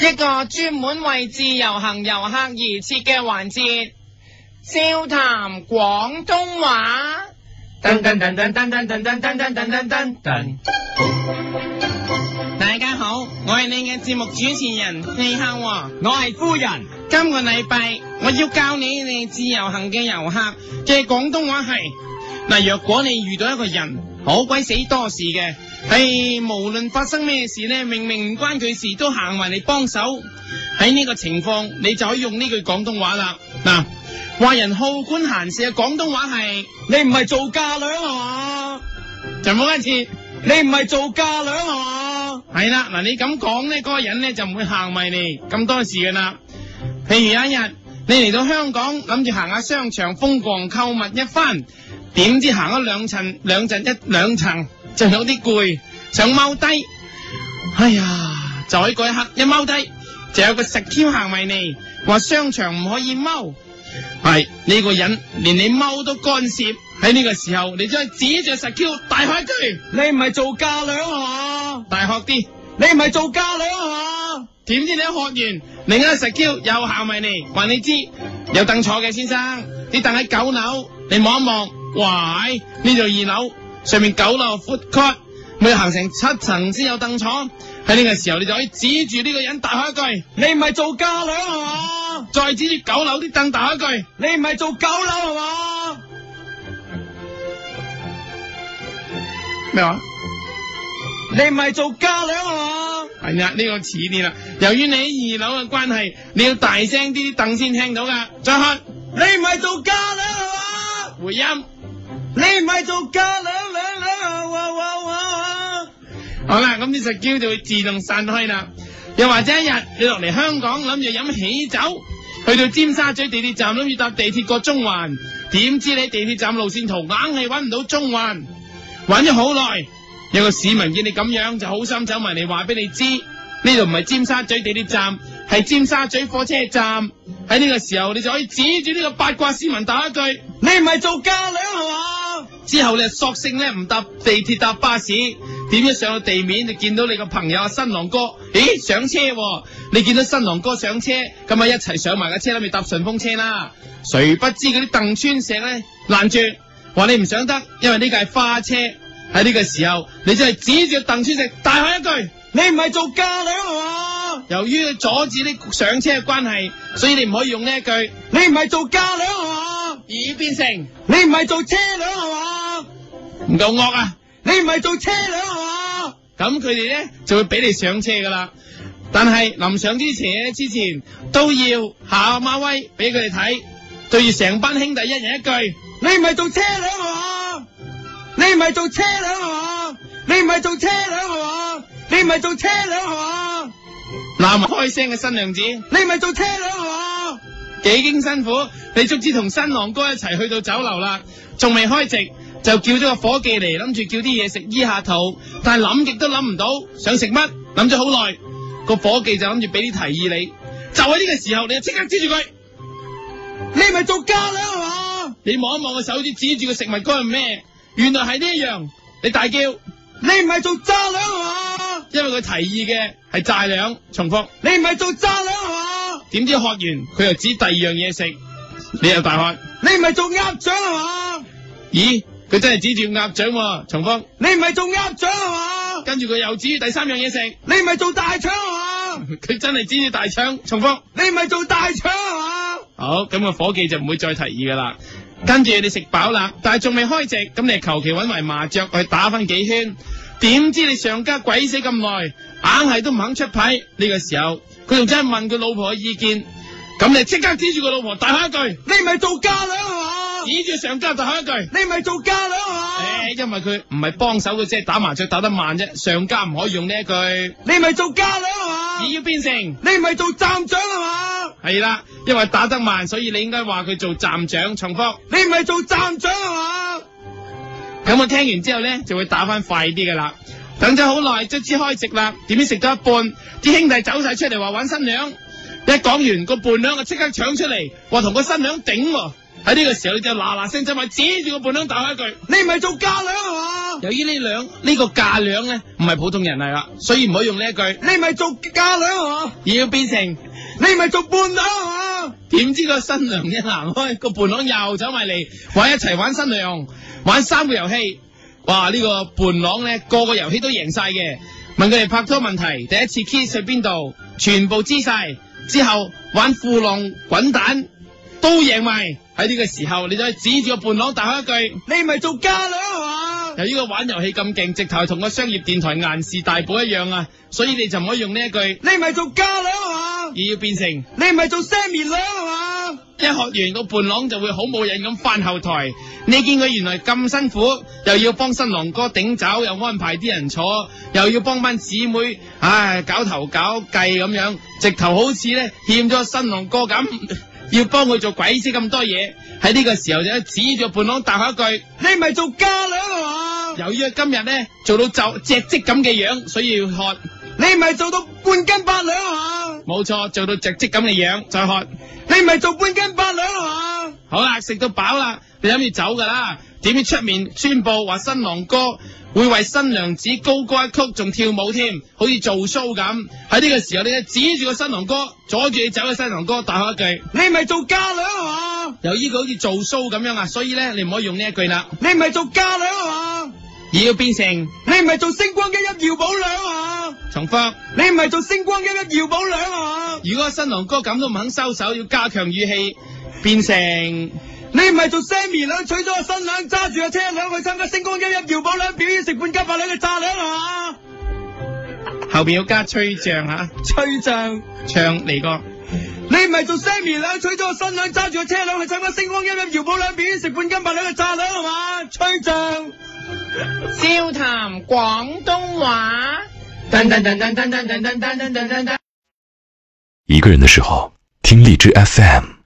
一個專門為自由行遊客而設嘅環節，笑談廣東話。大家好，我係你嘅節目主持人李孝華，我係夫人。嗯，今個禮拜我要教你哋自由行嘅遊客嘅廣東話係，嗱，如果你遇到一個人好鬼死多事嘅。係、哎、無論發生咩事咧，明明唔關佢事都行埋嚟幫手。喺呢個情況，你就可以用呢句廣東話啦。嗱，話人好管閒事啊，廣東話係 你唔係做嫁娘下話，就冇一次 你唔係做嫁娘下話。係啦，嗱你咁講咧，嗰、那個人咧就唔會行埋嚟咁多事噶啦。譬如有一日你嚟到香港，諗住行下商場瘋狂購物一番，點知行咗兩層兩陣一兩層。兩層就有啲攰，想踎低，哎呀！就喺嗰一刻一踎低，就有個石 Q 行埋嚟，話商場唔可以踎。係、哎、呢、呢個人連你踎都干涉，喺呢個時候你將指住石 Q 大喊句：你唔係做嫁娘啊嘛！大學啲，你唔係做嫁娘啊嘛？點知你一學完另一石 Q 又行埋嚟，話你知有凳坐嘅先生，你凳喺九樓，你望一望，喂，呢度二樓。上面九樓 food court，每行行成七層先有凳坐。喺呢個時候，你就可以指住呢個人大喊一句：你唔係做嫁娘啊嘛！再指住九樓啲凳大一句：你唔係做九樓係嘛？咩話麼？你唔係做嫁娘啊嘛？係啊、哎、呢、這個似啲啦。由於你喺二樓嘅關係，你要大聲啲啲凳先聽到噶。再喊，你唔係做嫁娘係嘛？回音。你唔係做嫁娘，娘娘哇哇哇！啊啊啊啊、好啦，咁呢隻蕉就會自動散開啦。又或者一日你落嚟香港，諗住飲喜酒，去到尖沙咀地鐵站諗住搭地鐵過中環，點知你地鐵站路線圖硬係揾唔到中環，揾咗好耐。有個市民見你咁樣，就好心走埋嚟話俾你知，呢度唔係尖沙咀地鐵站，係尖沙咀火車站。喺呢個時候，你就可以指住呢個八卦市民打一句：你唔係做嫁娘係嘛？啊之後咧，索性咧，唔搭地鐵，搭巴士，點樣上到地面，你見到你個朋友啊，新郎哥？咦，上車？哦？你見到新郎哥上車，咁咪一齊上埋架車，咪搭順風車啦。誰不知嗰啲鄧川石咧攔住，話你唔想得，因為呢架係花車。喺呢個時候，你就係指住鄧川石大喊一句：你唔係做嫁娘啊！由於你阻止你上車嘅關係，所以你唔可以用呢一句：你唔係做嫁娘啊！已變成，你唔係做嫁娘下話？唔夠惡啊！你唔係做嫁娘下話？咁佢哋咧就會俾你上車噶啦。但係臨上之前咧，之前都要下馬威俾佢哋睇，對住成班兄弟一人一句：你唔係做嫁娘下話？你唔係做嫁娘下話？你唔係做嫁娘下話？你唔係做嫁娘下話？嗱，唔開聲嘅新娘子，你唔係做嫁娘下話？幾經辛苦，你卒之同新郎哥一齊去到酒樓啦，仲未開席就叫咗個伙計嚟，諗住叫啲嘢食醫下肚，但係諗極都諗唔到想食乜，諗咗好耐，個伙計就諗住俾啲提議你，就喺呢個時候你就即刻指住佢，你唔係做嫁娘啊嘛？你望一望個手指指住個食物干係咩？原來係呢一樣，你大叫，你唔係做嫁娘啊嘛？因為佢提議嘅係炸兩，重複，你唔係做嫁娘啊嘛？點知學完佢又指第二樣嘢食，你又大喝：你唔係做鴨掌啊嘛？咦，佢真係指住鴨掌，重複。你唔係做鴨掌啊嘛？跟住佢又指住第三樣嘢食，你唔係做大腸啊嘛？佢 真係指住大腸，重複。你唔係做大腸啊嘛？好，咁、嗯、個伙計就唔會再提議噶啦。跟住你食飽啦，但係仲未開席，咁你求其揾埋麻雀去打翻幾圈。點知你上家鬼死咁耐，硬係都唔肯出牌。呢個時候，佢仲真係問佢老婆嘅意見。咁你即刻指住佢老婆大下一句：你唔係做嫁娘啊嘛！指住上家就下一句：你唔係做嫁娘啊嘛！誒、欸，因為佢唔係幫手，佢只係打麻雀打得慢啫。上家唔可以用呢一句。你唔係做嫁娘啊嘛？而要變成你唔係做站長啊嘛？係啦，因為打得慢，所以你應該話佢做站長。重複，你唔係做站長啊嘛？咁我聽完之後咧，就會打翻快啲噶啦。等咗好耐，卒之開席啦。點知食到一半，啲兄弟走晒出嚟話搵新娘。一講完個伴娘就，就即刻搶出嚟話同個新娘頂、啊。喺呢個時候你就嗱嗱聲就話指住個伴娘打開一句：你唔係做嫁娘啊嘛？由於呢兩呢個嫁娘咧唔係普通人嚟啦，所以唔可以用呢一句。你唔係做嫁娘、啊，而要變成你唔係做伴娘、啊。點知個新娘一行開，個伴郎又走埋嚟玩一齊玩新娘，玩三個遊戲，哇！呢個伴郎咧個個遊戲都贏晒嘅，問佢哋拍拖問題，第一次 kiss 去邊度，全部知晒，之後玩褲浪滾蛋都贏埋。喺呢個時候，你就可以指住個伴郎大開一句：你唔係做嫁娘啊嘛！由呢個玩遊戲咁勁，直頭同個商業電台顏氏大寶一樣啊！所以你就唔可以用呢一句：你唔係做嫁娘啊嘛！.而要變成，你唔係做 Sammy 娘係嘛？一學完個伴郎就會好冇癮咁翻後台，你見佢原來咁辛苦，又要幫新郎哥頂酒，又安排啲人坐，又要幫班姊妹，唉，搞頭搞計咁樣，直頭好似咧欠咗新郎哥咁，要幫佢做鬼死咁多嘢，喺呢個時候就指住伴郎答下一句，你唔係做嫁娘係嘛？由於今日咧做到就只只咁嘅樣，樣，所以要喝。你唔係做到半斤八兩啊？冇錯，做到只只咁嘅樣，樣再喝。你唔係做半斤八兩啊？好啦，食到飽啦，你諗住走噶啦。點知出面宣布話新郎哥會為新娘子高歌一曲，仲跳舞添，好似做 show 咁。喺呢個時候，你指住個新郎哥，阻住你走嘅新郎哥，大口一句：你唔係做嫁娘啊？嘛、這個，由於佢好似做 show 咁樣啊，所以咧你唔可以用呢一句啦。你唔係做嫁娘啊？嘛。而要變成你唔係做星光熠熠耀保良啊！重複，你唔係做星光熠熠耀保良啊！如果新郎哥咁都唔肯收手，要加強語氣，變成你唔係做 Sammy 兩娶咗個新娘，揸住個車輛去參加星光熠熠耀保良表演，食半斤八兩嘅炸兩啊！後邊要加吹脹吓，吹脹唱嚟過，你唔係做 Sammy 兩娶咗個新娘，揸住個車輛去參加星光熠熠耀保良表演，食半斤八兩嘅炸兩啊？嘛？吹脹。笑談廣東話。一個人的時候，聽荔枝 FM。